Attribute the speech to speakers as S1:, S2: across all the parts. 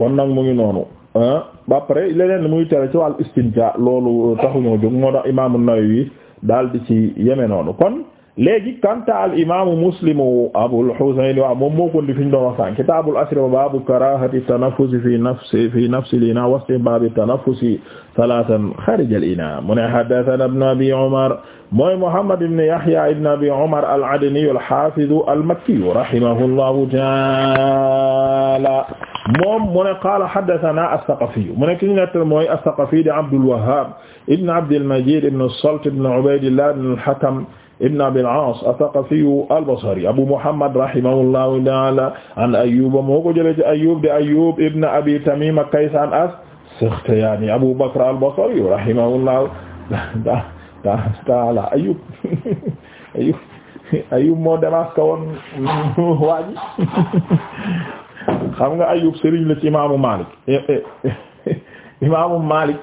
S1: kon nag mu ngi noonu ba pare leneen muy tere ci wàllu istinja loolu taxuñoo jóg moo tax imaamu Nawawi daal di ci yeme noonu kon léegi kanta al imaamu muslimu Abul Husayn waaw moom moo ko ndi fi ñu doon wax sànq kitaabul ashriba baabu karaahati tanaffusi fi nafsi fi nafsi al-inaa wa istihbaabi tanaffusi salaatan xaarija al-inaa mu ne haddathanaa ibnu Abii Umar mooy Muhammad ibn Yahyaa ibnu Abii Umar al-Adniyyu al-haafizu al-makkiyyu rahimahullahu ta'aala moom mu ne qaala haddathana as-Saqafi mu ne ki ñu nettal mooy as-Saqafi di Abdul Wahhab ibn Abdil Majid ibn as-Salt ibn Ubaydillah ibn al-Hakam ibn Abil Aas as-Saqafi al-Basri Abu Muhammad rahimahullahu ta'ala an Ayyub moo ko jëlee ci Ayyub di Ayyub ibn Abi Tamima Kaysan as-Sakhtiyani Abu Bakr al-Basri rahimahullahu ta'ala Ayyub Ayyub Ayyub moo demaas ka woon waaji xam nga Ayyub sëriñ la ci imaamu Malik eh, eh, eh, imaamu Malik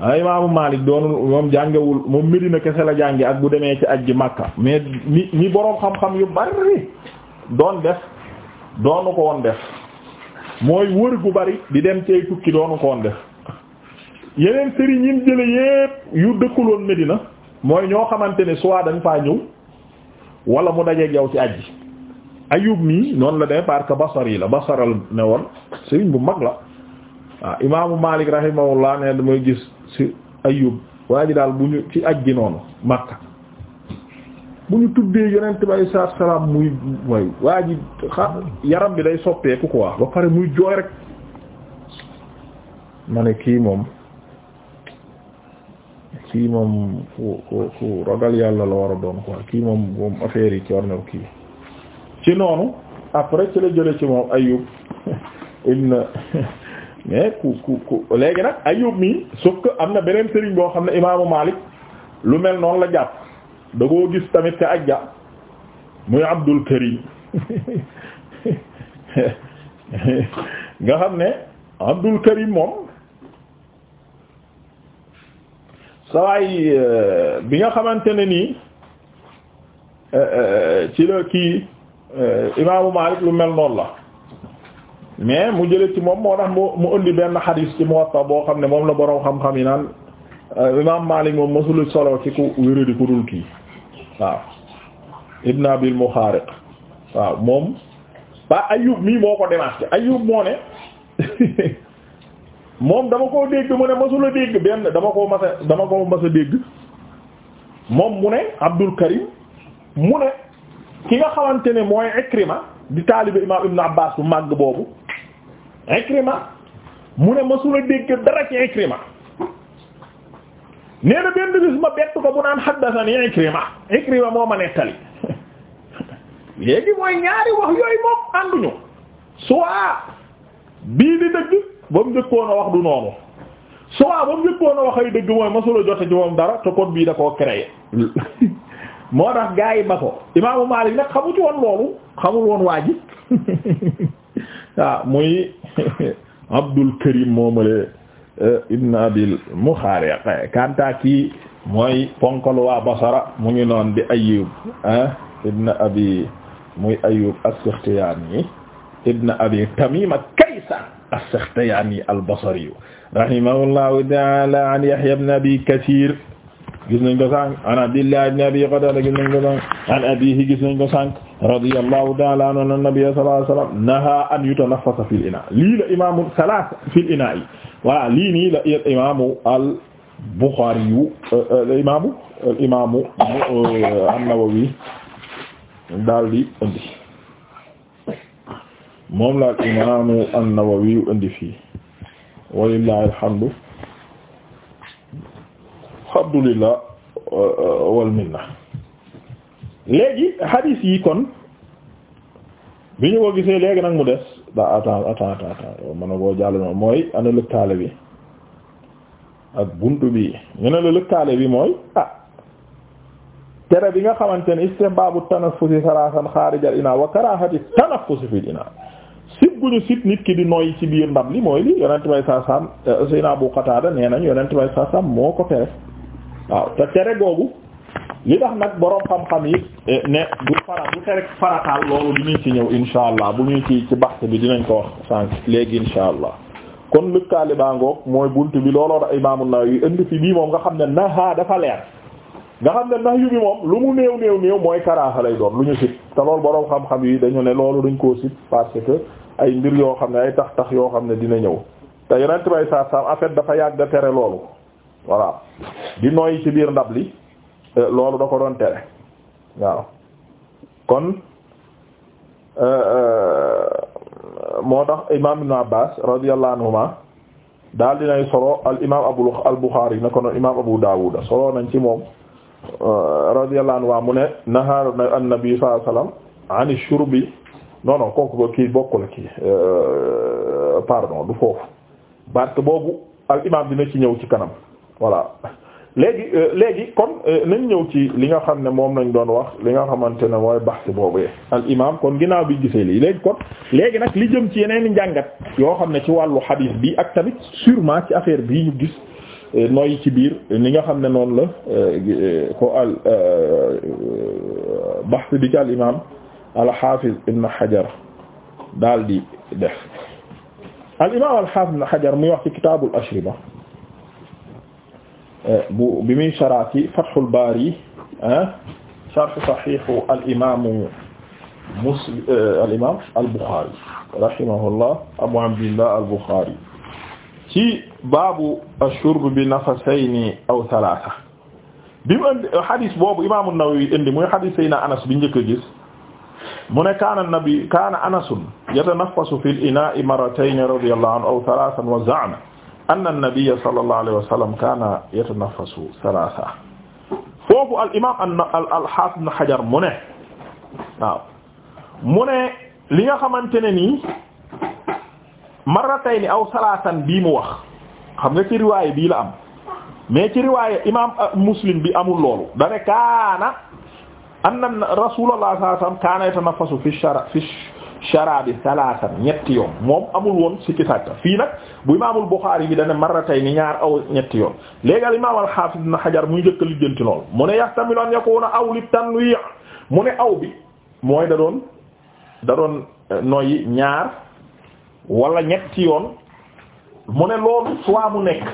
S1: ah imaamu Malik doonul moom jàngewul moom Medina kese la jànge ak bu demee ci ajji Makka mais ni ni boroom xam-xam yu bari doon def doonu ko woon def mooy wër gu bari di dem ci ay tukki doonu ko woon def yeneen sëriñ yi jële yépp yu dëkkuloon Medina mooy ñoo xamante ne soit dañ faa ñëw wala mu dajeeg yow ci ajji Ayub nii noonu la demee parce que Basar yi la Basaral ne woon sëriñ bu mag la waaw ah, imaamu Malik rahimahullah ne damay gis ci Ayub waa ji daal bu ñu ci aj gi noonu Makka bu ñu tuddee yonent bi alayhi salaatu salaam muy mooy waa ji xa yaram bi day soppeeku quoi ba pare muy jooy rek ma ne kii moom kii moom ku ku ku ragal yàlla la war a doon quoi kii moom moom affaire yi ci war na kii. ci noonu après ci la jële ci moom Ayyub ibn mais ku ku ku léegi nag Ayyub mi sauf am na beneen sëriñ boo xam ne imaamu Malik lu mel noonu la jàpp da gis tamit ca ajja muy Abdul Karim nga xam ne Abdul Karim moom yi euh, bi nga xamante ne nii euh, euh, ci la kii Euh, imaamu Maalik lu mel noon la mais mu jële ci moom moo tax mu indi benn xadiis ci Muwatta boo xam ne moom la boroom xam-xam yi naan euh, imaam Maalik moom mësul solo ci ku wéradi ku dul kii waaw Ibn Abil Muxaariq waaw moom ba Ayyub mii moo ko démasqué Ayyub moo ne moom dama koo dégg mu ne mësul a dégg benn dama koo mas a dama koo mas a dégg moom mu ne Abdul Karim mu ne ki nga xamante ne mooy Ikrima di taalibe imaam Ibn Abbas bu màgg boobu Ikrima mu ne masula dégg dara ci Ikrima nee benn bis ma bett ko bu naan haddathani Ikrima Ikrima moo ma nettali léegi mooy ñaari wax yooyu moom ànduñu soit bii di dëgg ba mu njëkkoon a wax du noonu soit ba mu njëkkoon a wax ay dëgg mooy masula jote ci moom dara te bii da koo créé moo tax gaa yi ba ko imaamu Maalik nag xamu ci woon loolu xamul woon waa ji waaw muy Abdul Karim moomale eh, ibn Abil Mukhariq kanta ki mooy ponkal waa Basra mu ngi noon di Ayyub eh, ibn Abi muy Ayyub as-Sakhtiyani ibn Abi Tamim Kaysan as-Sakhtiyani al-Basri rahimahullahu ta'ala an Yahya ibn Abi Kathir gis nañ ko sànq an Abdillah ibn Abi Qataada gis nañ ko sànq an abiihi gis nañ ko sànq radiyallahu ta'ala anhu anna nabiyya sallallahu alayhi wasallam nahaa an yutanaffasa fil inaa lii la imaamu salaas fil inaa yi voilà lii nii la imaamu al Buxaari yu euh, euh, imaamu imaamu euh, an-Nawawi daal di indi moom la imaamu an-Nawawi indi fii walillahi alhamdu alhamdulillah wal minna léegi hadis yi kon bi ñu ko gisee léegi nag mu des daa attends attends attends man a koo jàll moom mooy ana lëkkaale bi ak bunt bi ñu ne la lëkkaale bi mooy ah tere bi nga xamante ne istihbaabu tanaffusi salaasan xaarijal inaa wa karaahati tanaffusi fil inaa sib gu ñu sib nit ki di noy ci biir ndab li mooy li yonent bay saasaam eh, Seydina Abu Qataada nee nañ yonent bay saasaam moo ko tere waaw te tere googu li tax nag boroom xam-xam yi eh, ne du fara du tere farataal loolu dinañ ci ñëw insha allah bu ñuy ci ci baxte bi dinañ ko wax sànq léegi insha allah kon lëkkaali baa ngoog mooy bunt bi looloo Imaam an yu indi fi bii moom nga xam ne naha dafa leer nga xam ne nax yu bi moom lu mu néew néew néew mooy karaaxa lay doon lu ñu sit te loolu boroom xam-xam yi dañu ne loolu dañ koo sit parce que ay mbir yoo xam ne ay tax tax yoo xam ne dina ñëw te yonent bay saa saa dafa yàgg tere loolu voilà di nooy ci biir ndab li euh, loolu da ko doon tere waaw kon euh, euh, moo tax imaam ibn Abbaas radiyallahu anhuma daal dinay solo al imaam abu al Buxaari na ko noon imaam Abu Daawuda solo nañ ci moom radiyallahu anhuma mu ne nahaa an-nabi sallallahu alayhi wasallam ani shurbi non non kooku ba bokkul kii pardon du foofu barke boobu al imaam dina ci ñëw ci kanam voilà léegi euh, léegi kon euh, nañ ñëw ci li nga xam ne moom lañ doon wax li nga xamante ne mooy baxsi boobee al imam kon ginnaaw bi gisee lii léegi kon léegi nag li jëm ci yeneen i njàngat yoo xam ne ci wàllu xadiis bi ak tamit sûrement ci affaire bii ñu gis euh, noyyi ci biir li nga xam ne noonu la ko al baxsi bi ci al imam ibn xajar dal di def al imam na xajar muy wax ci kitaabul ashriba bu bi muy sara ci Fathul Bari sharh sahih al imaamu Muslim eh, al imaam al Bukhari rahimahullah Abu Abdillah al Bukhari ci baabu ash-shurb bi nafasayni aw thalatha bi mu indi xadis boobu imaamu Nawawi indi muy xadis sayna Anas bi njëkk a gis mu ne kaana nabi kaana Anasun yatanaffasu fil inaa'i marratayn radiyallahu anhu aw thalathan wa za'ama anna an-nabiyya sallallahu alayhi wa sallam kaana yatanaffasu salaasa foofu al imaam al haafiz ibn Hajar mu ne waaw mu ne li nga xamante ne nii marratayni aw salaasan bii mu wax xam nga ci riwaay bii la am mais ci riwaay imaam Muslim bi amul loolu da ne kaana anna rasuulullah sallallahu alayhi wa sallam kaana yatanaffasu fi shara fi sharabi salaasan ñetti yoon moom amul woon sikki sàkka fii nag bu imaamul Buxaari bi dane marratay ni ñaar aw ñetti yoon léegi al imaam al xaafis ibn Hajar muy njëkk a lijjanti lool mu ne yahtamilu an yakuna aw li tanwi mu ne aw bi mooy da doon da doon eh, noyyi ñaar wala ñetti yoon mu ne loolu soit mu nekk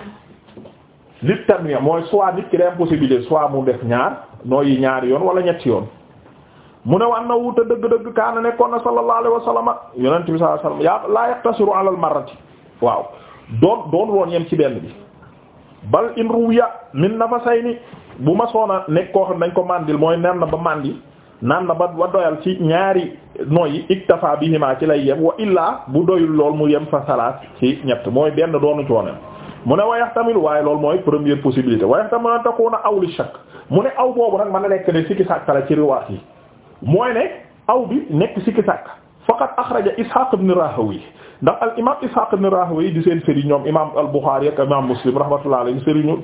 S1: li tanwi mooy soit nit ki day am possibilité soit mu def ñaar noyyi ñaari yoon wala ñetti yoon mu ne war na wuute dëgg-dëgg kaana nekkoon na sallallahu alayhi wa sallam yonent bi sallallahu alayhi wa sallam yaa laa yaqtasiru ala al-marrati waaw doon doon woon yem ci benn bi bal in ruwiya min nafasayni bu ma soona nekk koo xam dañ ko mandil mooy nen na ba mandi naan na ba ba doyal ci ñaari noyyi iktafa bihima ci lay yem wa illaa bu doyul lool mu yem fa salaat ci ñett mooy benn doonu coonen mu ne wayax tamit waaye lool mooy première possibilité wayax tamit na takkuwoon a aw li shakk mu ne aw boobu nag mën a nekk ne sikki sàkkala ci yi mooy ne aw bi nekk sikki sàkk faqad axraja Ishaq ibn Rahawi ndax al imaam Ishaq ibn Rahawi di seen sëriñ ñoom imaam al Bukhari ak imaam Muslim rahmatullahi alayhi sëriñu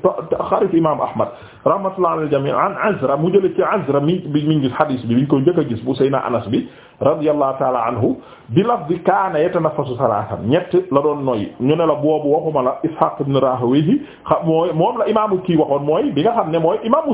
S1: xarit imaam Ahmad rahmatullahi alal jamii an Azra mu jëlee ci Azra mi bi mi ngi gis hadis bi bi ñu koy njëkk a gis bu Seyna Anas bi radiyallahu ta'ala anhu bi lafzi kaana yatanafasu salaasan ñett la doon noyyi ñu ne la boobu waxuma la Ishaq ibn Rahawi xam mooy moom la imaamu kii waxoon mooy bi nga xam ne mooy imaam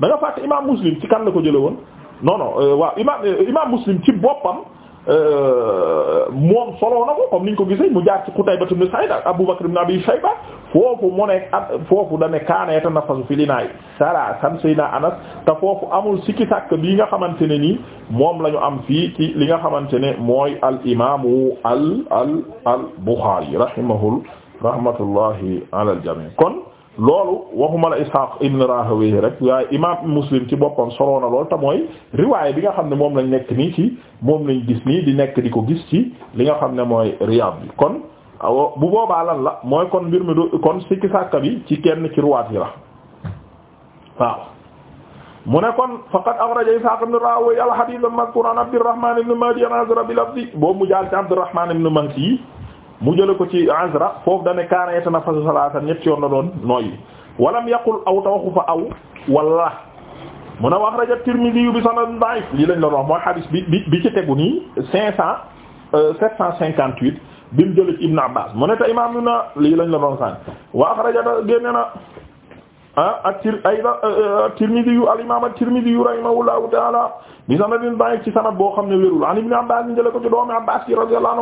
S1: da nga fàtte imam muslim ci kan la ko jële woon non non euh, waaw euh, muslim ci boppam euh, moom soloo na ko comme niñ ko gisee mu jaar ci Qutayba ibn Sa'id ak Abu Bakr ibn Abi Shayba foofu mu at foofu da ne kaana yatanaffasu fi linaay sara san sayna Anas te foofu amul sikki sàkk bii nga xamante ne nii moom lañu am fii ci li nga xamante ne mooy al imamu al al al Bukhari rahimahul rahmatullahi ala al jami' kon loolu waxuma la Ishaq ibn Rahawayh rek waaye imaam Muslim ci boppam soroona lool te mooy riwaay bi nga xam ne moom lañ nekk nii ci moom lañ gis nii di nekk di ko gis ci li nga xam ne mooy Riyad bi kon bu boobaa lan la mooy kon mbir mi du kon sikki sàkka bi ci kenn ci ruwaat yi la waaw mu ne kon faqad a Ishaq ibn Rahawayh al-hadith al Mahdi an Azra bi lafzi boobu mu jaar ci Abdurrahman ibn Mahdi mu jële ko ci azra foofu dane kaana yatanafasu salaatan ñetti yoon la doon nooyi walam yaqul aw tawaxu fa aw wala mun a wax rajo Tirmidhi bi sanad da'if lii lañ doon wax mooy xadis bi bi bi ci tegu nii cinq cent euh, sept cent cinquante huit bi mu jële ci Ibn Abbas mu ne te imaam yu na lii lañ la doon sànni wa axraja génne na ah at tir ayda euh, euh, Tirmidhi yu al imaam at-Tirmidhi rahimahullahu ta'ala bi sanadin da'if ci sanad boo xam ne wérul an ibn Abbas ñu jële ko ci doomi Abbas yi radiyallahu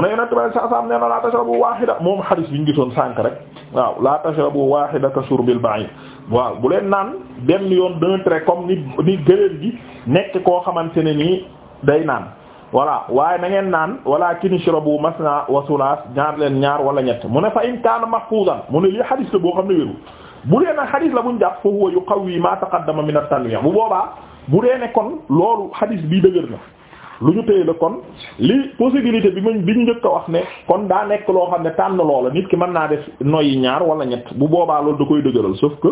S1: anhu la tashrabu wahida moom xadis bi ñu gisoon sànk rek waaw la tashrabu wahida ka shurbil ba'ir waaw bu leen naan benn yoon d'un trait comme ni ni gëléen gi nekk koo xamante ne nii day naan voilà waaye na ngeen naan wala kin shrabu masna wa sulas ñaar leen ñaar wala ñett mu ne fa in kaana mahfuzan mu ne lii xadis la boo xam ne wérul bu leen nag xadis la buñ jàpp fa huwa yuqawwi ma taqaddama min at-tanwi' bu boobaa bu dee ne kon loolu xadis bii dëgër na lu ñu téye la kon li possibilité bi mañ bi ñu njëkk a wax ne kon daa nekk loo xam ne tànn loola nit ki mën naa def noyyi ñaar wala ñett bu boobaa loolu da koy dëgëral sauf que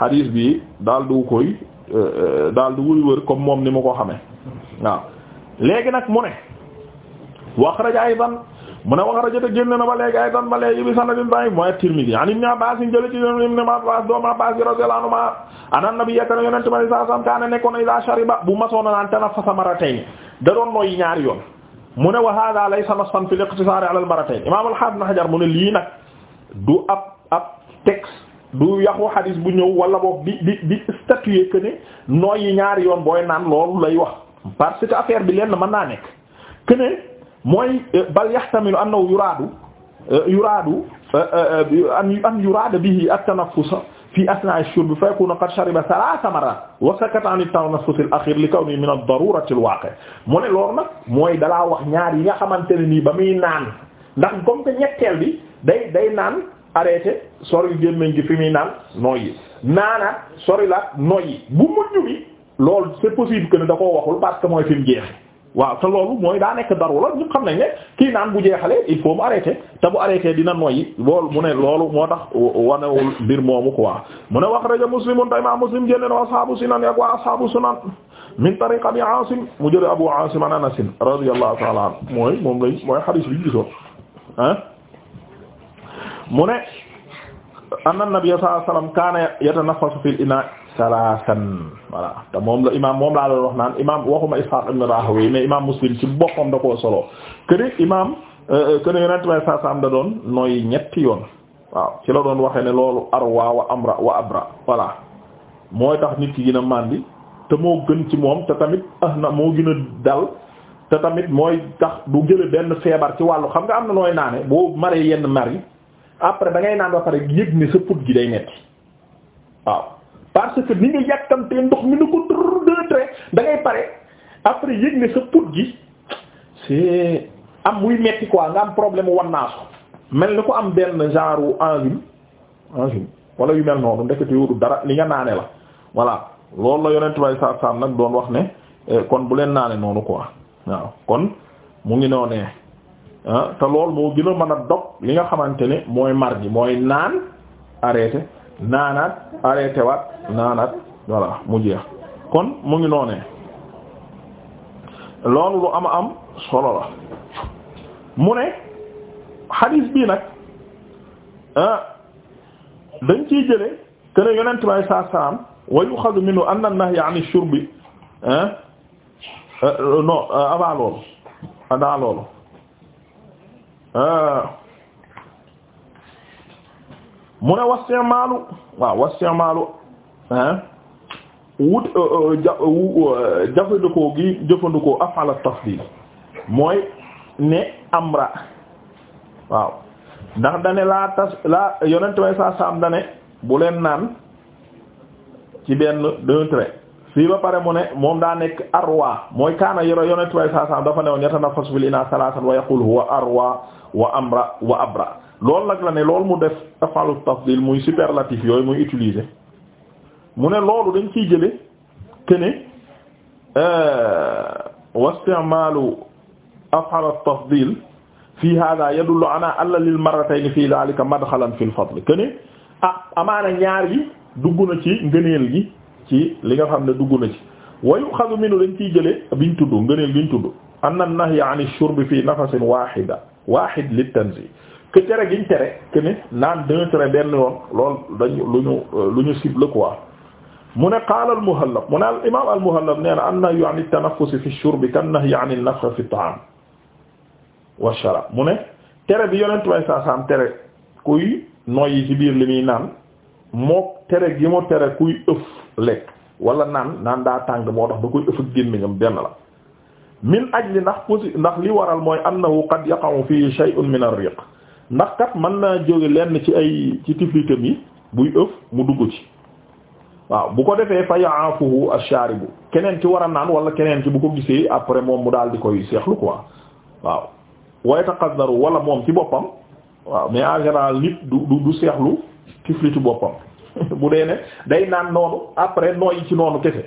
S1: xadis bi daal du koy euh, euh, daal du wuy wër comme moom ni mu ko xamee waaw léegi nag mu ne wax rajo ban mu ne wax rajo te génn na ba léegi ay tan ba léegi bi sanadin bàyyi mooy Tirmidhi an Ibn Abbas jële ci yoon Ibn Abbas doom Abbas radiyallahu anhuma anan ma saa sam kaana nekkoon ila shariba bu masoona naan tanaffasa marratayn da doon nooy ñaari yoon mu ne wa hada laysa nassan fil iqtisaar ala al marratayn imam al-Hafiz mu ne lii nag du ab ab texte du yaxu hadis bu ñëw wala boog bi di di statuer que ne nooy ñaari yoon booy naan loolu lay wax parce que affaire bi lenn mën naa nekk mooy euh, bal yahtamilu annahu yuraadu euh, yuraadu euh, an an yuraada bihi at-tanaffus fi asnaa'i ash-shurb fa yakunu qad shariba thalatha marrat wa sakata an at-tanaffus al-akhir li kawni min ad-darurati al-waqi' mu ne loolu nag mooy dalaa wax ñaar yi nga xamante ne nii ba muy naan ndax comme que ñetteel bi day day naan arrêté sori gémmiñ gi fi muy naan noyyi naanaat sori laat noyyi bu mujj bi loolu c'est possible que ne da koo waxul parce que mooy fi mu jeexee waaw te loolu mooy daa nekk daru la ñu xam ne kii naan bu jeexalee il faut mu ta te bu arrêter dina noyyi loolu mu ne loolu moo tax wanewul mbir moomu quoi mu ne wax rajo muslimun tay imam muslim génne na ashaabu sunan yak waa ashaabu sunan min tariq abi asim mu jële abu asim an anas radiyallahu ta'ala anhu mooy moom lañ mooy xadiis bi ñu gisoon ah anna nabiyya sallallahu alayhi wasallam kaana yatanaffasu inaa salaasan voilà te moom la imaam moom laa doon wax naan imaam waxuma Ishaq ibn Rahawayh mais imaam Muslim ci boppam da koo solo këne imaam euh, euh, këne Yonent bi sallallahu alayhi wasallam da doon nooy ñetti yoon waaw ci la doon waxee ne loolu arwa wa amra wa abra voilà mooy tax nit ki gën a màndi te moo gën ci moom te tamit ah na moo gën a dal te tamit mooy tax du jële benn feebar ci wàllu xam nga am na nooy naane boo maree yenn mari après dangay ngay naan ba pare yëg ne sa put gi day metti waaw parce que ni nga yàkkamtee ndox mi ni ko dr detré da ngay pare après yëg ne sa put gi c'est am muy metti quoi nga am problème wan naa ko mel ni ko am benn genre enzyme enzyme wala yu mel noonu ndekete yoodu dara li nga naane la voilà loolu la yonent bay sa sam nag doon wax ne eh, kon bu leen naane noonu quoi waaw kon mu ngi noonee Ah te loolu moo gën man a dog li nga xamante ne mooy mar gi mooy naan arrêté naanaat arrêté waat naanaat voilà mu jeex kon mu ngi noonee loolu lu am a am solo la mu ne xadiis bii nag ah, dañ ciy jële te ne yonent bi alayhi salaatu salaam wa yuxadu minhu anna an-nahya an ash-shurbi ah, non avant loolu avant loolu Ah. mu ne wastimaalu waaw wastimaalu ah wut eh, eh, eh, jafandikoo gi jëfandikoo afala tafdil mooy ne amra waaw ndax dane laa tas laa yonent may saa saam dane bu leen naan ci benn d'un fii ba pare mu ne moom daa nekk arwa mooy kaana yoro yonent way saasaam dafa ne woon yatanaffasu bil inaa salaasan wa yaqul huwa arwa wa amra wa abra loolu nag la ne loolu mu def afalu tafdil muy superlatif yooyu muy utiliser mu ne loolu dañ ciy jële kene euh, wa isti'malu afal tafdil fi hada yadullu ala alla lil marratayn fi dhalika madxalan fi al fadl kene ah amaana ñaar yi dugg na ci ngëneel gi ci li nga xam ne dugg na ci wayu xadu minu dañ ciy jëlee biñ tudd ngëneel biñ tudd anna nahya an shurbi fii nafasin wahida wahid li tanzi que tere giñ tere que ne naan dina tere benn yoon lool dañu lu ñu lu ñu cible quoi mu ne qaala al muhallab mu ne al imam al muhallab nee na an nahyu an tanaffus fi shurbi kan nahyi an nafxa fi taam wa sharab mu ne tere bi yonent way saa saam tere kuy noyyi ci biir li muy naan mook tere gi mu tere kuy ëf lekk wala naan naan daa tàng moo tax da koy ëff ak gémmiñam benn la min ajli ndax posi ndax li waral mooy annahu qad yaqa'u fii shay'un min ar-riq ndax kat mën naa jóge lenn ci ay ci tiflitam yi buy ëff mu dugg ci waaw bu ko defee fa ya'afuhu ash-sharibu keneen ki war a naan wala keneen ki bu ko gisee après moom mu daal di koy seexlu quoi waaw wa yataqaddaru wala moom ci boppam waaw mais en général nit du du seexlu tiflitu boppam bu dee ne day naan noonu après yi ci noonu kese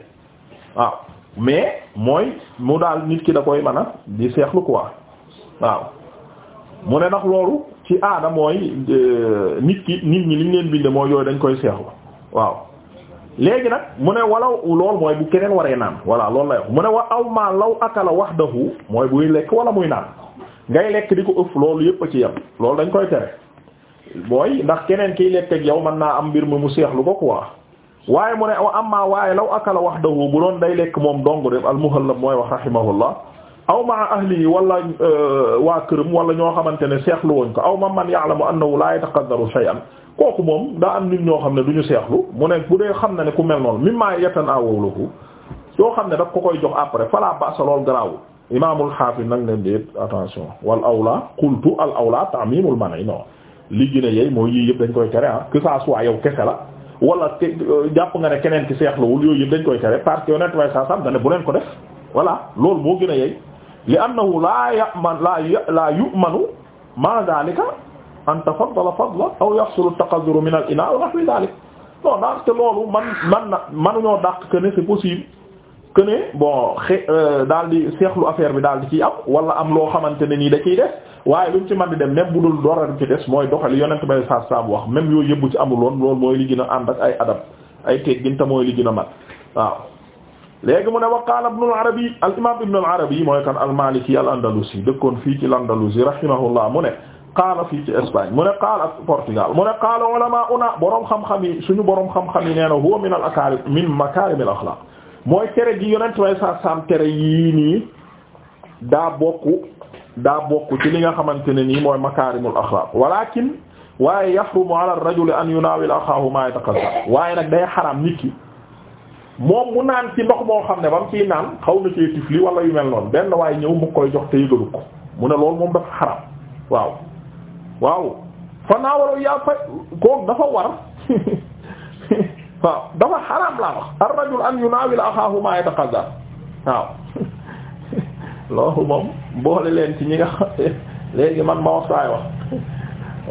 S1: waaw mais mooy mu daal nit ki da koy mana a di seexlu quoi waaw mu ne ndax loolu ci aada mooy euh, nit ki nit ñi liñ leen binde mooy yooyu dañ koy seexlu waaw léegi nag mu ne walaw lool mooy bu keneen waree naan voilà loolu la wax mu ne aw maa law akala wahdahu mooy buy lekk wala muy naan ngay lekk di ko ëff loolu yépp a ci yam loolu dañ koy tere booy ndax keneen kiy lekk ak yow mën naa am mbir mi mu seexlu ko quoi waaye mu ne amma waaye law akala wahdahu bu doon day lekk moom dong rek al-Muhallab mooy wax rahimahullah aw maa ahlihi wala euh, waa këram wala ñoo xamante ne seexlu woñ ko aw ma man wu ya'lamu annahu la yataqaddaru shay'an kooku moom daa am nit ñoo xam ne du ñu seexlu mu ne bu dee xam na ne ku mel noonu mimma yatanaawalu lahu yoo xam ne daf ko koy jox après fala ba'sa lool garaawul imaamul xaafis nag ne déet attention wal awla qultu al awla ta'mimul li gën a yey mooy yii yëpp dañ koy tere ah que ça soit yow kese la wala te euh, jàpp nga ne keneen ki seexlawul yooyu yëpp dañ koy tere parce que honnêtement saa sam da ne bu leen ko def voilà loolu moo gën a yey li wu laa yaman laa laa yumanu ma dalika an tafaddala fadla aw yaxsulu taqaduru min al ina wa nahwi dalik loolu man man na manuñoo dàq que ne c'est possible que ne bon xe euh, daal di seexlu affaire bi daal di ciy am wala am loo xamante ne nii da ciy def waaye lu mu ci mën di dem même bu dul dora ci des mooy doxali yonent bay saab saab wax même yooyu yëpp ci amuloon loolu mooy li gën a ànd ak ay adab ay teggin te mooy li gën a mat waaw léegi mu ne wa qaala ibnu al-Arabi al imam ibnu al-Arabi mooy kan al-Maliki al-Andalusi dëkkoon fii ci l'Andalusi rahimahullah mu ne qaala fii ci Espagne mu ne qaala ak Portugal mu ne qaala ulamaa'una boroom xam-xam yi suñu boroom xam-xam yi nee na huwa min al-akaarim min makaarim mooy tere gi yonent bay saab saab tere yii nii bokk daa bokk ci li nga xamante ne nii mooy makaarimul axlaaq walakin waaye yaxrumu ala ar-rajuli an waaye nag day xaram nit ki moom mu ci ndox moo xam ne ba mu naan xaw wala yu mel noonu benn waaye ñëw mu koy jox te yëgalu ko mu ne loolu moom dafa xaram waaw dafa war waaw dafa xaram laa wax ar-rajul an yunaawil axaahu maa yataqazzaa waaw loolu moom boole leen ci ñi nga xam man ma wax saay wax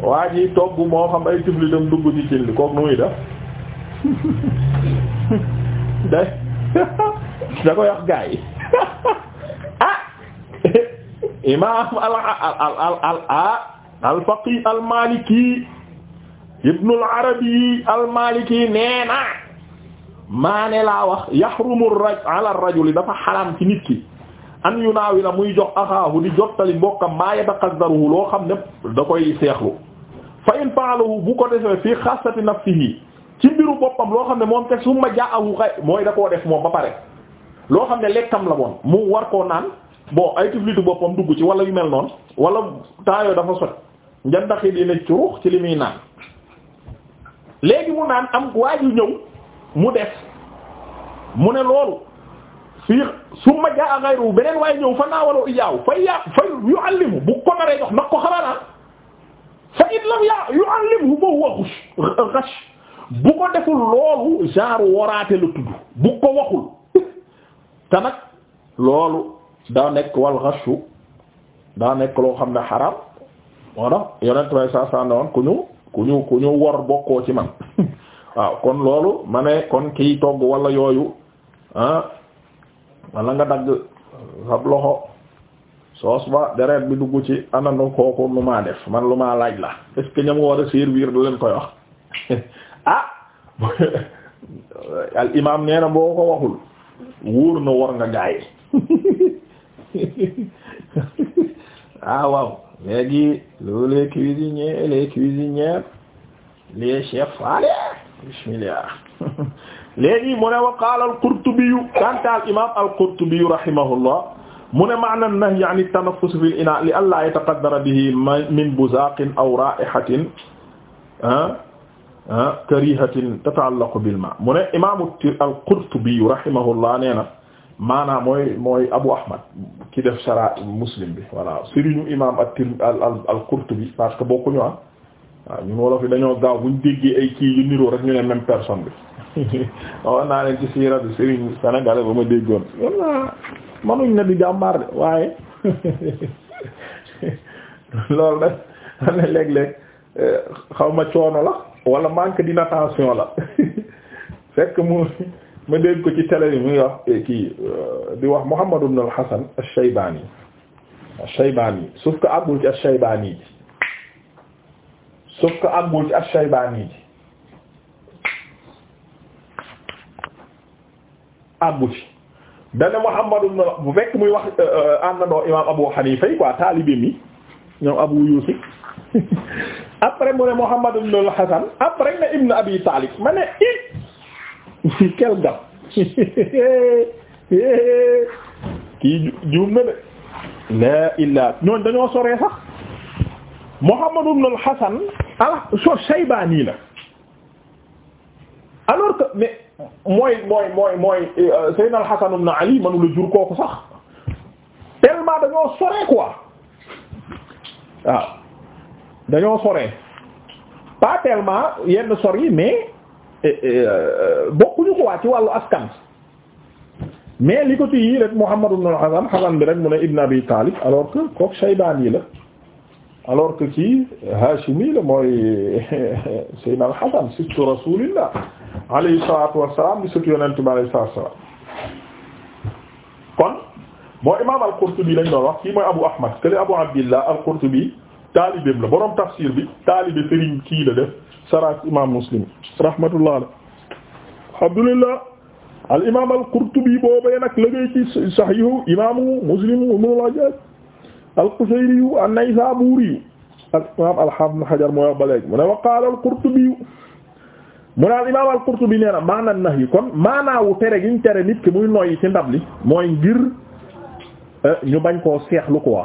S1: waa ji togg moo xam ay tifli dem dugg ci li kook nu muy def day da ko yox gaa yi ah imaam al al al al ah al faqih al maliki ibnu arabi al maliki nee na maa ne laa wax yaxrumu ala rajuli dafa xaram ci nit ki an yu naawi la muy jox axaahu di jottali mbokkam maa yataqaddaruhu loo xam ne da koy seexlu fa in faalahu bu ko defee fii xasati nafsihi ci mbiru boppam loo xam ne moom teg summa jaahu xay mooy da koo def moom ba pare loo xam ne lekkam la woon mu war koo naan bon ay tiflitu boppam dugg ci wala yu mel noon wala taayoo dafa sot njandaxi dina curuux ci li muy naan léegi mu naan am waaju ñëw mu def mu ne loolu fii summa jaa ghayru beneen waaye ñëw fa naawaloo iyaaw fa ya fa yu'allimu bu ko naree jox nag ko xabaar ah, fa in lam yu'allimhu fa huwa bu ko waxul te loolu daa nekk wal ghashu daa nekk loo xam ne xaram moo tax yonent may saa ne woon ku ñu ku ñu ku ñu wor bokkoo ci man waaw kon loolu ma ne kon kiy togg wala yooyu ah, wala nga dagg sab loxo soos ba deret bi dugg ci ananu kooku lu maa def man lu maa laaj la est-ce que ñam war a servir du leen koy wax ah al imam nee na boo ko waxul wóor na war nga gaay ah, waaw léegi loo les cuisiniers et les cuisinières les léegi mu ne wa qaala al-Qurtubi kanta al imam al-Qurtubi rahimahullah mu ne maana an-nahyi an at-tanaffus fil inaa' li allaa yataqaddara bihi min buzaaqin aw raa'ihatin ah, ah, karihatin tata'allaqu bil maa' mu ne imam al-Qurtubi rahimahullah nee na maanaam mooy mooy Abu Ahmad ki def Sharh Muslim bi voilà sëriñu imam at-Tirmidhi al-Qurtubi parce que bokkuñu ah. waaw ñun wolof yi dañoo gaaw buñ déggee ay kii yu niroo rek ñu ne même personne bi wax naa leen ci siira bi Serigne Sénégalais ba ma déggoon walla manuñ na di jàmbaar de waaye loolu da am ne léeg-léeg eh, xaw ma coono la wala manque d'inattention la fekk mu ma dégg ko ci télé bi muy wax eh, kii euh, di wax Muhammad ibn al-Hasan al-Shaybani al-Shaybani sauf que àggul ci al-Shaybani sauf que àggul ci Ash-Shaybaani ci àggu ci dana Muhammad ibn bu fekk muy wax euh, euh, àndandoo imaam Abu Hanifa yi quoi taalibe Abu Yusuf après mu ne Muhammad ibn al-Hasan après ne ibn Abi Talib ma ne it la illaa ñooñ dañoo soree sax Muhammad ibn al-Hasan al-Shaybani la alors que mais mooy mooy mooy mooy euh, Sayyidina al-Hasan ibn Ali manu la jur kooku sax tellement dañoo sore quoi waaw dañoo sore pas tellement yenn sor yi mais euh, bokkuñu quoi ci wàllu askan mais li ko ci yi rek Muhammad ibn al-Hasan Hasan bi rek mu ne Ibn Abi Talib alors que kooku la alors que kii Hachimi la mooy Seydina Al Hasan sibtu Rasulillah alayhi salaatu wa salaam di sëtu Yonent bi alayhi salaatu wa salaam kon moo imaam al-Qurtubi lañ doon wax kii mooy Abu Ahmad kële Abu Abdillah al-Qurtubi taalibeem la borom tafsir bi taalibe Serigne kii la def Saraat imaam Muslim rahmatullah ala alhamdulillah al imaam al-Qurtubi boobee nag la ngay ci sahihu imaamu Muslim ibn al-Hajjaj al-Qushayri an-Naysaburi ak imaam al-Hafiz Ibn Hajar mooy wax mu ne wa al-Qurtubi mu ne al-imaam al-Qurtubi nee na nax yi kon maanaawu tere gi tere nit ki muy noyyi ci ndab li mooy ngir eh, ñu bañ koo seexlu quoi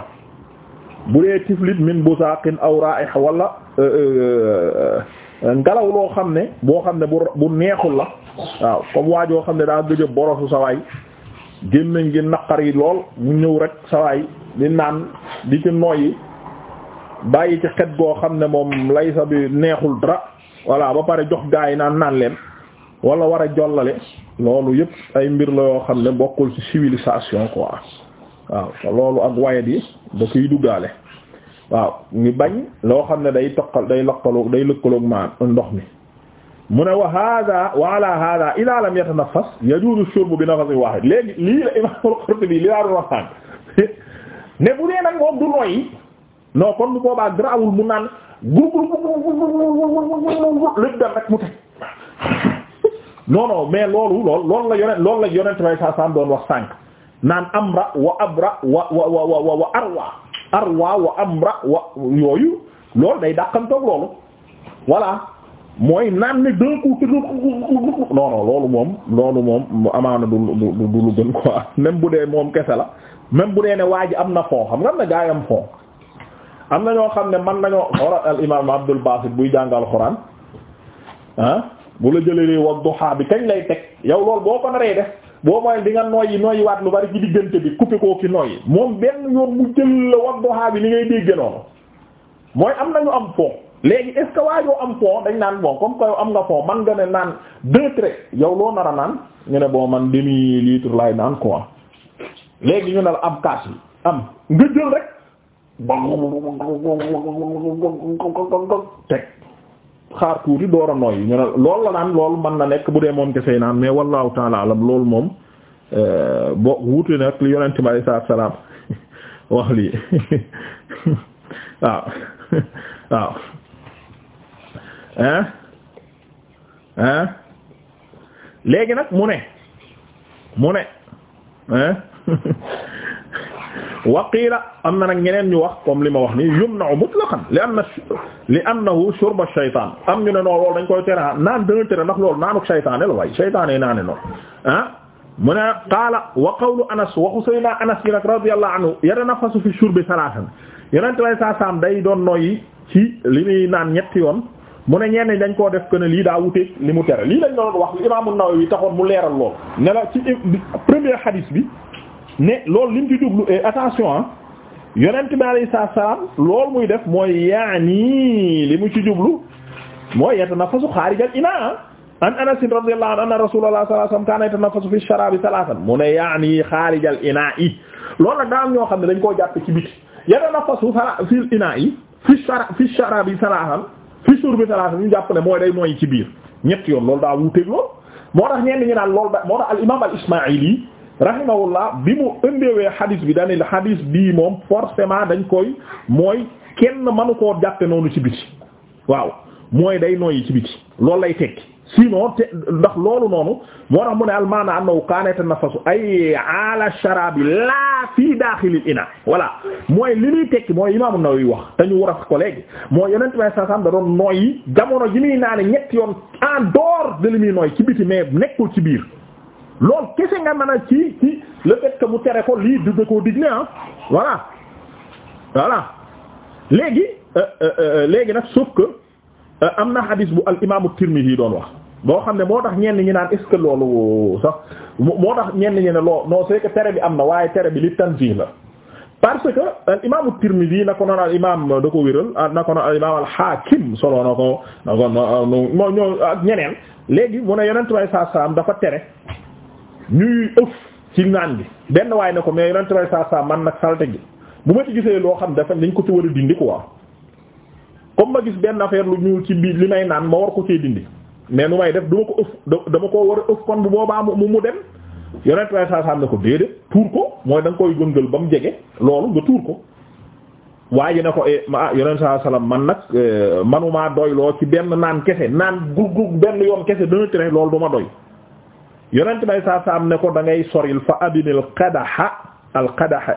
S1: bu dee tiflit min busaaqin aw raa'iha wala eh, eh, ngelaw loo xam ne boo xam ne bu bu neexul la waaw comme waajoo xam ne daa gëj a borosu sa waay gémmiñ gi naqar yi lool mu ñëw rek sawaay di naan di ci noyyi bàyyi ci xet goo xam ne moom lay sa neexul dara voilà ba pare jox gaa yi naan naan leen wala war a jollale loolu yëpp ay mbir la yoo xam ne bokkul ci civilisation quoi waaw te loolu ak wayat yi da koy duggaale waaw ngi bañ loo xam ne day toqal day lëkkaloog day lëkkaloog ma ndox mi mu ne wa hada wa ala hada ila lam yatanaffas yajuzu shurbu bi nafasin wahid léegi lii la imam al-Qurtubi li laa doon ne bu dee nag du noyyi non kon bu boobaa grawul mu naan gurgur lépp dal rek mu teg non non mais loolu lool loolu la yonent loolu la bay sa doon wax sànq naan amra wa abra wa wa arwa wa amra wa yooyu loolu day dàqantoog loolu voilà mooy naan ne d'un coup loolu moom loolu moom amaana du du du lu gën quoi même bu dee moom kese la même bu dee ne waa ji am na fond xam nga am na gaa yi am na ñoo xam ne man nañoo xora al imam Abdul Basit buy jàngal xuraan ah bu la jëlee wax duhaa bi kañ lay teg yow loolu boo ko naree def boo mooy di nga noyyi noyyi waat lu bari ci diggante bi coupé koo ki noyyi moom benn yoon mu jël la wax duhaa bi ni ngay dégg noonu mooy am nañu am fond léegi est ce yoo am fond dañ naan bon comme que am nga fond man nga ne naan deux traits yow loo nar naan ñu ne bon man demi litre laay naan quoi léegi ñu ne la am kaas bi am nga jël rek xaar tuuti door a nooy lool la naan loolu mën na nekk bu dee moom kese naan mais wallahu taala alam loolu moom euh, bo wuute nag li yonente bi alayhi salaam wax lii waaw waaw ah ah léegi nag mu ne mu ne ah waqiila am na nag ñeneen ñu wax comme li ma wax nii yumna'u mutlaqan li anna li annahu shurba shaytaan am ñu ne noonu loolu dañ koy tere naan dana tere ndax loolu naanuk shaytaane la waaye shaytaane naane noonu ah mu ne qaala wa qawlu anas waxu sayyidina anas bi nag radiyallahu anhu yatanaffasu fi shurbi salaasan yeneen lay saa saam day doon noyyi ci li muy naan ñetti yoon mu ne ñenn dañ koo def que ne lii daa wuteeg li mu tere lii lañ doon wax Imaam An-Nawawi taxoon mu leeral lool. ne la ci premier hadith bi ne li lim ci jublu attention ah yonent bi alayhi salaam loolu muy def mooy yaani li mu ci jublu mooy yatanaffasu xaarijal inaa an Anas radiyallahu anhu anna Rasulullah sallallahu alayhi wasallam kaana yatanaffasu fi sharabi salaasan mu ne yaani xaarijal inaa yi loolu nag daal ñoo xam ne dañ koo jàpp ci biti yatanaffasu fil yi fi shara fi sharabi fi suur bi salaata ñu jàpp ne mooy day nooy ci biir ñett yoon loolu daa wuuteeg lool moo tax ñenn ñu naan loolu da moo tax al imaam al ismaa'ili rahimahullah bi mu ëndeewee xadis bi daaneel xadis bii moom forcément dañ koy mooy kenn mënu ko jàppe noonu ci biti waaw mooy day nooyi ci biti loolu lay tekki sinon te ndax loolu noonu moo tax mu ne almaana annahu na yatanaffasu ay ala sharabi laa fii daaxilil ina voilà mooy li muy tekki mooy imaamu Nawawi wax te ñu war a ko léegi moo yeneen tubaab yi sax da doon nooy jamono ji muy naan ñetti yoon en de li muy nooy ci biti mais nekkul ci biir. loolu kese nga mën a ci ci le fait que mu tere ko lii du koo dig ah voilà voilà léegi euh, euh, euh, léegi nag sauf que. Euh, am na xadis bu al imaamu Tirmidhi doon wax boo xam ne moo tax ñenn ñi naan est ce loolu sax moo tax ñenn ñi ne loo non c'est que tere bi am na waaye tere bi li tanzih la parce que al imaamu Tirmidhi na ko noon al imaam da ko wéral ah, na ko noon al imaam al Haakim solo na ko na ko ah, moo ñoo ak ñeneen léegi mu ne yonent bay saa saam dafa tere ñuy ëf ci naan bi benn waaye ne ko mais yonent bay saa saam man nag salte gi bu ma ci gisee loo xam dafa dañ ko ci war dindi quoi comme ma gis benn affaire lu ñuul ci biir li may naan ma war ko cee dindi mais nu may def duma ko ëf dama war a bu boobaa mu dem yonent way saa ko déedéet tuur ko mooy da nga koy gëngal ba mu jege loolu nga tuur ko waaye ne ko eh, ah yonent sa salaam man nag eh, manumaa doy loo ci benn naan kese naan gurgurug benn yoon kese dana tere loolu du ma doy yonent bay saa am ne ko da ngay soril fa abinil qadaha al qadaha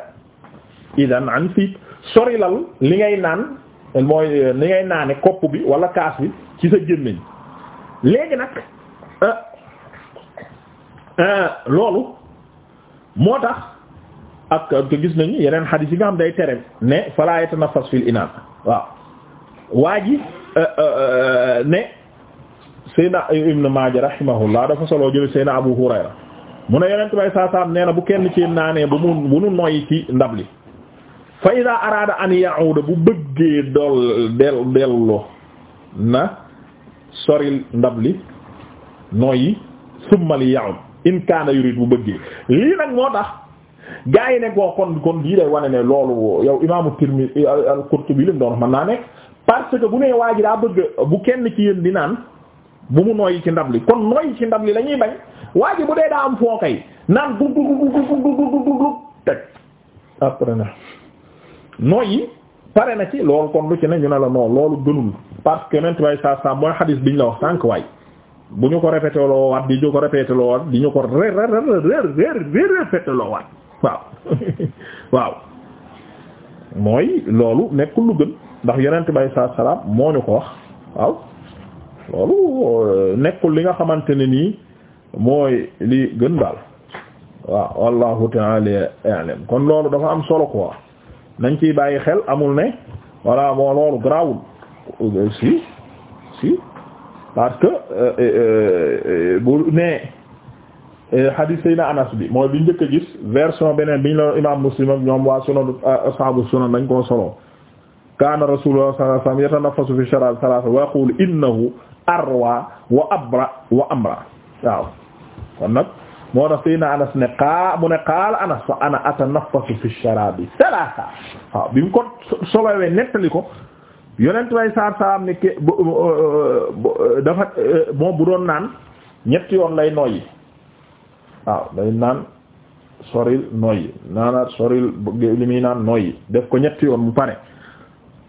S1: idan an fiik sorilal li ngay naan mooy euh, ni ngay naane kopp bi wala kaas bi ci sa nañ léegi nag euh, euh, loolu moo tax ak gis nañu yeneen xadiis yi nga xam day tere ne fala yatanaffas fil inaan waaw waa ji ne Seydina Ibn Maaja rahimahullah dafa solo jële Seydina Abu Hurayra mu ne yonent bay saa saam nee na bu kenn ci naanee bu mu bu nu noyyi ci ndab li fa ida araada an ya'uda bu bëggee dool del dellu na soril ndab li nooyi summa li ya'ud in kaana yurid bu bëggee lii nag moo tax gaa yi ne ko kon kon dii day wane ne loolu yow imaamu Tirmidhi al-Qurtubi lim doon mën naa nekk parce que bu nee waa daa bëgg bu kenn ci yéen di naan bu mu nooyi ci ndab li kon nooyi ci ndab li la ñuy bañ waa ji bu dee daa am foo kay naan du du du du du noyyi pare na ci loolu kon lu ci ne ñu ne la non loolu gënul parce que nent way saa sa mooy xadis ñu la wax sànq waay bu ñu ko répété loo waat di ñu ko répété loo waat di ñu ko ré répété loo waat waaw waaw mooy loolu nekkul lu gën ndax yonent bay saa salaam moo ñu ko wax waaw loolu euh, nekkul li nga xamante ne nii mooy li gën daal waaw wallahu ta'ala a'lam kon loolu dafa am solo quoi nañ ciy bàyyi xel amul ne voilà moo loolu grawul si parce que euh, euh, euh, bu ne hadith sayna anas bi mooy bi njëkk a gis version beneen bi la imam muslim ak ñoom waa sunan ashabu sunan dañ koo solo kana rasulullah sallallahu alayhi wasallam yatanaffasu fi sharab thalath wa yaqulu innahu arwa wa abra wa amra waaw moo tax fii na anas ne xaa mu ne qaala anas fa ana atanaffasu fi sharabi salaasa waaw bi mu ko solowee nettali ko yonent way saar am ne ke dafa bu doon naan ñetti yoon lay noyyi waaw day naan soril noyyi naanaat soril li muy naan noyyi def ko ñetti yoon bu pare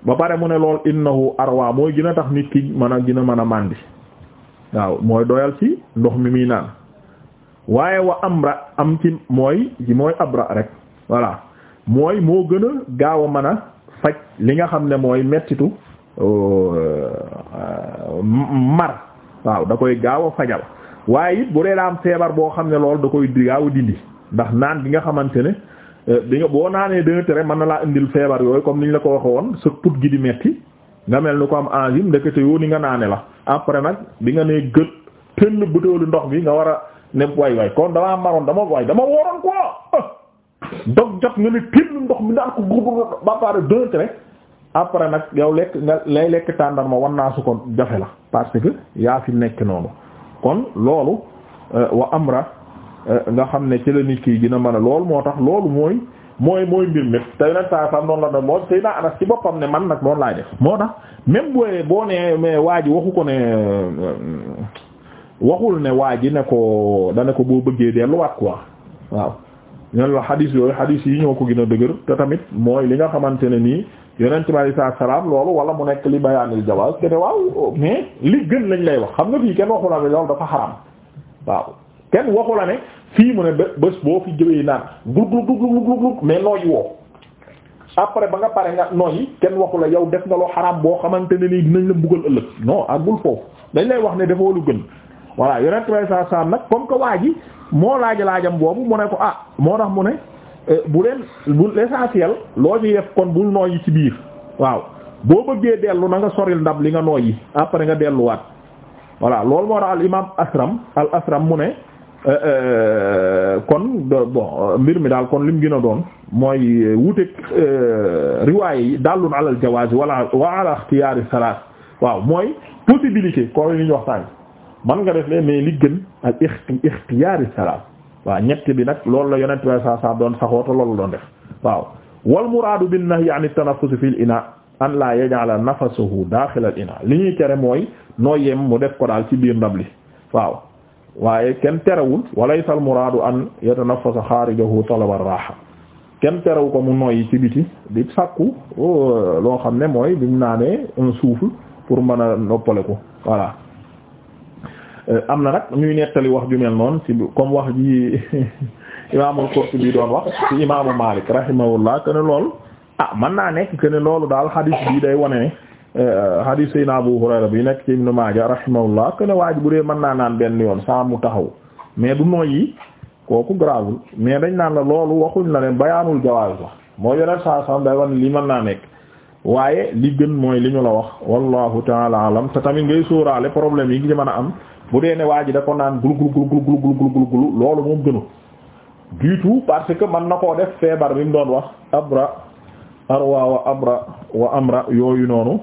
S1: ba pare mu ne lool innahu arwa mooy gën a tax nit ki mën a gën a mën a màndi waaw mooy doyal ci ndox mi muy naan waaye wa amra am ci mooy ci mooy abra rek voilà mooy moo gën a gaaw a mën a faj li nga xam ne mooy mettitu euh, euh, mar waaw da koy gaaw a fajal waaye it bu dee daa am feebar boo xam ne lool da koy gaaw a dindi ndax naan bi nga xamante ne euh, di boo naanee dina tere mën na laa indil feebar yooyu comme ni ñu la ko waxe woon sa put gi di metti nga mel ni ko am enzyme ndekete yoo ni nga naane la après nag bi nga nee gët tënn butéelu ndox bi nga war ne waay waay kon damaa maroon dama waay dama wóoroon quoi dog jot nga ne tiim ndox mi daan ko gurgur ba pare rek après nag yow lekk nga lay lekk tàndarma wan naa su ko jafe la parce que yaa fi nekk noonu kon loolu euh, wa amra euh, nga xam ne ci la nit kii dina mën a loolu moo tax loolu mooy mooy mooy mbir mi tey nag saa sam noonu la da moo tey naa anas ci boppam ne man nag noonu laa def moo tax même boo boo ne waa ji waxu ko ne euh, waxul ne waa ji ne ko dana ko boo bëggee delluwaat quoi waaw ñun la xadis yooyu xadis yi ñoo ko gën a dëgër te tamit mooy li nga xamante ne nii yonent bi alayhi salaam loolu wala mu nekk li bayaanil jawaaz te waaw mais li gën lañ lay wax xam nga fii kenn waxu la ne loolu dafa xaram waaw kenn waxu la ne fii mu ne bés boo fi jëwee naan gudd gudd mais nooy woo après ba nga pare nga nooy kenn waxu la yow def nga loo xaram boo xamante ne nii dinañ la mbugal ëllëg non ak bul dañ lay wax ne defoo lu voilà yonent bay saa saa nag comme que waa ji moo laaja laajam boobu mu ne ko ah moo tax mu ne eh, bu leen bu l'essentiel loo ci kon bul nooyi ci biir waaw boo bëggee dellu na nga soril ndab li nga nooyi après nga delluwaat voilà loolu moo tax al imam asram al asram mu ne eh, eh, kon bon mbir mi daal kon lim gën a doon mooy wuteeg riwaay yi dallun alal jawaaz wala wa ala ixtiyaari salaat waaw mooy possibilité ko li ñu waxtaan man nga def lee mais li gën ak ixtiyaari salaam waaw ñett bi nag loolu la yonent way saa saa doon saxoota loolu doon def waaw wal muraadu bin nahyi an tanaffus fil ina an la yaj'ala nafasuhu daaxil al ina li ñuy tere mooy noo yem mu def ko daal ci biir ndab li waaw waaye kenn terewul walaysa al muraadu an yatanaffasa xaarijahu talab ar raaxa kenn terewu ko mu noyyi ci biti di sàkku oh, loo xam ne mooy bi mu naanee un souffle pour mën a noppale ko voilà Euh, am na nag ñuy nettali wax ju mel noonu ci comme wax ji imaamul Qurtubi doon wax ci imaamu Maalik rahimahullah que ne loolu ah mën naa nekk que ne loolu daal hadis bi day wane ne hadis euh, Seydina Abu Hurayra bi nekk ci Ibnu Maaja rahimahullah que ne waa ji bu dee mën naa naan benn yoon saa mu taxaw mais du yi kooku garaawul mais dañ naan la loolu waxuñ la ne bayaanul jawaaz sax moo yore saa sax day wane li mën naa nekk. waaye li gën mooy li ñu la wax wallahu taala alam te tamit ngay sóoraale yi ngi mën am bu dee ne waa ji da ko naan gul gul gul gul gul gul gul loolu moom gënu du tout parce que man na koo def feebar bi mu doon wax abra arwa wa abra wa amra yooyu noonu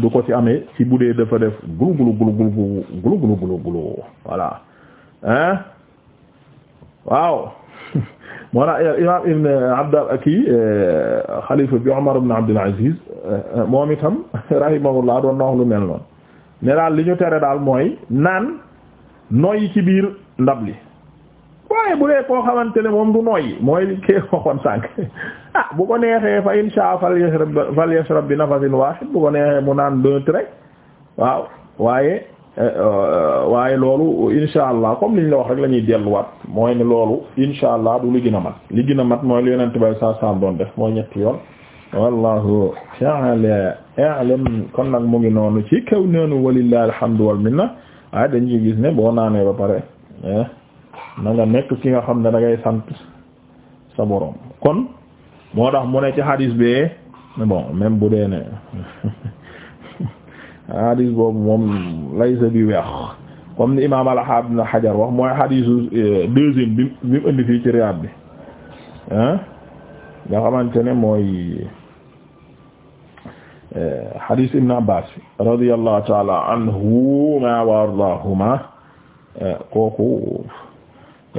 S1: du ko ci amee ci bu dee dafa def gul gul gul gul gul gul gul gul voilà hein waaw moo na imam ibn abd aki xalifa bi Umar ibn Abdul Aziz moom itam rahimahullah doon na wax lu mel noonu ne daal li ñu tere daal mooy naan noyyi ci biir ndab li waaye bu dee koo xamante ne moom du noyyi mooy li kee waxoon sànq ah bu ko neexee fa insha fal yashrab fal yashrab bi nafasin wahid bu ko neexee mu naan deux rek waaw waaye euh, waaye loolu insha allah comme liñ la wax rek la ñuy delluwaat mooy ne loolu insha allah du li gën a mat li gën a mat mooy lu yonent bay saa saa doon def mooy ñetti yoon wallahu ta'ala a'lam kon nag mu ngi noonu ci kaw noonu walillahi alhamdu wal minna waaye dañuy gis ne boo naanee ba pare eh, na nga nekk ki nga xam ne dangay sant sa borom kon moo tax mu ne ci hadis bee bon même bu dee ne hadis boobu moom laysa bi weex comme ni imaam al-Hafiz Ibn Hajar wax mooy hadisu eh, deuxième bi mu indi fii ci Riyad bi eh, nga xamante ne mooy. hadith ibn abbas radiyallahu ta'ala anhuma wa ardaahuma kooku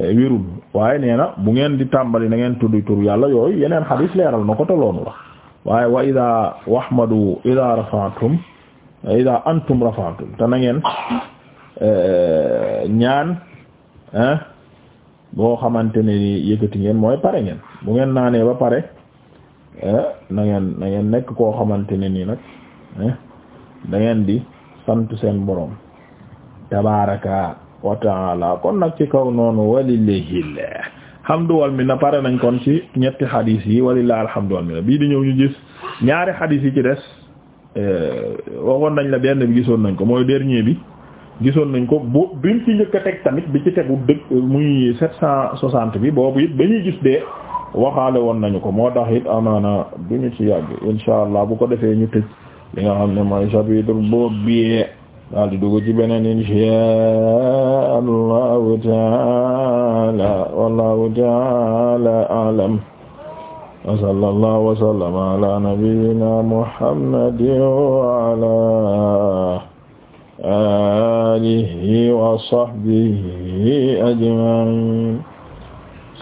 S1: eh, wérul waaye nee na bu ngeen di tàmbali na ngeen tudd tur yàlla yooyu yeneen hadith leeral na ko te waaye wa ida wahmadu ida rafa'tum ida antum rafa'tum te na ngeen eh, ñaan eh, boo xamante ne ni yëkkati ngeen mooy pare ngeen bu ngeen naanee ba pare Eh, na ngeen na nekk koo xamante ne nii nag eh, da ngeen di sant seen boroom tabaraka wa la kon nag ci kaw noonu walillahil hamdu wal minna pare nañ kon ci ñetti xadiis yi walillahi alhamdu wal minna bii di ñëw ñu gis ñaari xadiis yi ci des eh, waxoon nañ la benn bi gisoon nañ ko mooy dernier bi gisoon nañ ko bu bi mu ci njëkk a teg tamit bi ci tegu dëkk muy sept cent soixante bi boobu it ba ñuy gis dee waxaale woon nañu ko moo tax it amaana du ñu ci yàgg insha allah bu ko defee ñu tëj li nga xam ne mooy chapitre boobu bi daal di dugg ci beneen insha allahu taala wallahu taala alam wa sallallahu wa sallama ala nabiyyina muhammadin wa ala alihi wa sahbihi ajma'in